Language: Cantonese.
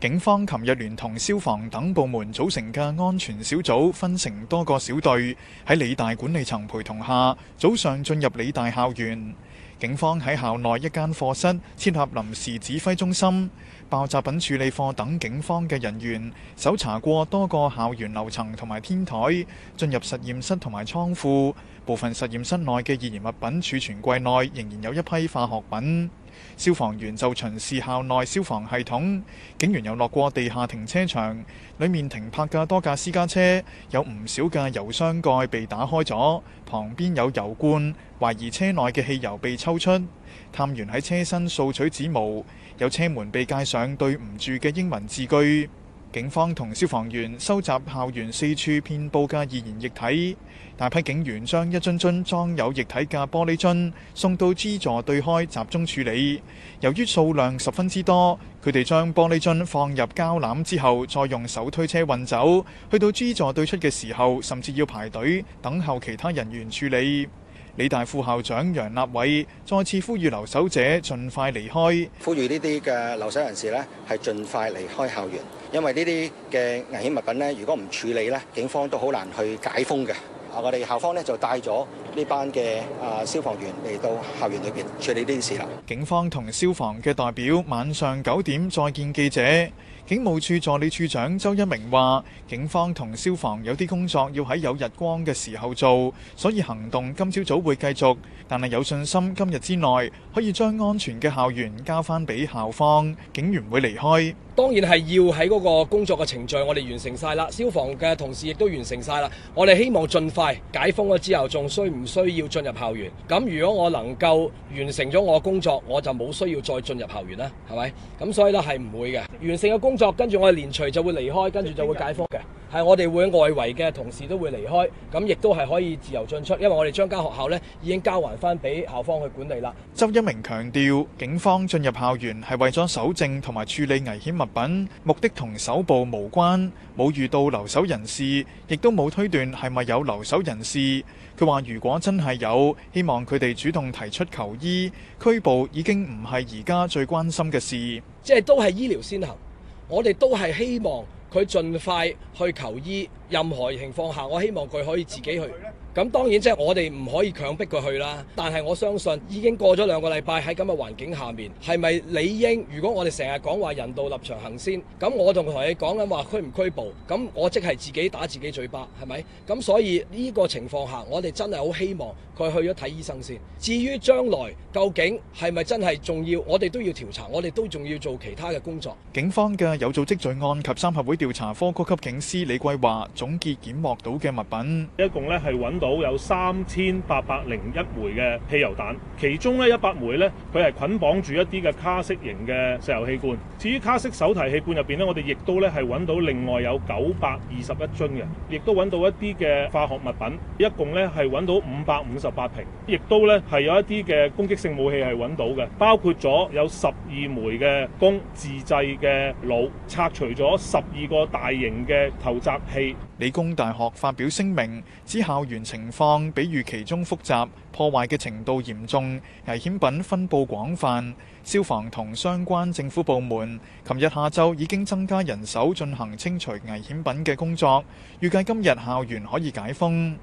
警方琴日聯同消防等部門組成嘅安全小組，分成多個小隊，喺理大管理層陪同下，早上進入理大校園。警方喺校內一間課室設立臨時指揮中心，爆炸品處理課等警方嘅人員搜查過多個校園樓層同埋天台，進入實驗室同埋倉庫，部分實驗室內嘅易燃物品儲存櫃內仍然有一批化學品。消防員就巡視校內消防系統，警員又落過地下停車場，裏面停泊嘅多架私家車，有唔少架油箱蓋被打開咗，旁邊有油罐，懷疑車內嘅汽油被抽出。探員喺車身掃取指模，有車門被蓋上對唔住嘅英文字句。警方同消防員收集校園四處遍布嘅易燃液體，大批警員將一樽樽裝有液體嘅玻璃樽送到支座對開集中處理。由於數量十分之多，佢哋將玻璃樽放入膠籃之後，再用手推車運走。去到支座對出嘅時候，甚至要排隊等候其他人員處理。理大副校長楊立偉再次呼籲留守者盡快離開，呼籲呢啲嘅留守人士咧係盡快離開校園，因為呢啲嘅危險物品咧，如果唔處理咧，警方都好難去解封嘅。啊！我哋校方呢就帶咗呢班嘅啊消防員嚟到校園裏邊處理呢件事啦。警方同消防嘅代表晚上九點再見記者。警務處助理處長周一鳴話，警方同消防有啲工作要喺有日光嘅時候做，所以行動今朝早會繼續，但係有信心今日之內可以將安全嘅校園交翻俾校方。警員會離開。當然係要喺嗰個工作嘅程序，我哋完成晒啦。消防嘅同事亦都完成晒啦。我哋希望盡快解封咗之後，仲需唔需要進入校園？咁如果我能夠完成咗我嘅工作，我就冇需要再進入校園啦，係咪？咁所以咧係唔會嘅。完成嘅工作，跟住我哋連隨就會離開，跟住就會解封嘅。係我哋會外圍嘅同事都會離開，咁亦都係可以自由進出，因為我哋將間學校呢已經交還翻俾校方去管理啦。周一鳴強調，警方進入校園係為咗搜證同埋處理危險物品，目的同搜捕無關，冇遇到留守人士，亦都冇推斷係咪有留守人士。佢話：如果真係有，希望佢哋主動提出求醫，拘捕已經唔係而家最關心嘅事。即係都係醫療先行，我哋都係希望。佢盡快去求醫。任何情況下，我希望佢可以自己去。咁當然即係我哋唔可以強迫佢去啦。但係我相信已經過咗兩個禮拜喺咁嘅環境下面，係咪理應？如果我哋成日講話人道立場行先，咁我同佢你講緊話拘唔拘捕，咁我即係自己打自己嘴巴，係咪？咁所以呢個情況下，我哋真係好希望佢去咗睇醫生先。至於將來究竟係咪真係重要，我哋都要調查，我哋都仲要做其他嘅工作。警方嘅有組織罪案及三合會調查科高級警司李桂華。總結檢獲到嘅物品，一共咧係揾到有三千八百零一枚嘅汽油彈，其中咧一百枚咧佢係捆綁住一啲嘅卡式型嘅石油氣罐。至於卡式手提氣罐入邊咧，我哋亦都咧係揾到另外有九百二十一樽嘅，亦都揾到一啲嘅化學物品，一共咧係揾到五百五十八瓶，亦都咧係有一啲嘅攻擊性武器係揾到嘅，包括咗有十二枚嘅弓，自製嘅弩，拆除咗十二個大型嘅投擲器。理工大學發表聲明，指校園情況比預期中複雜，破壞嘅程度嚴重，危險品分布廣泛。消防同相關政府部門，琴日下晝已經增加人手進行清除危險品嘅工作，預計今日校園可以解封。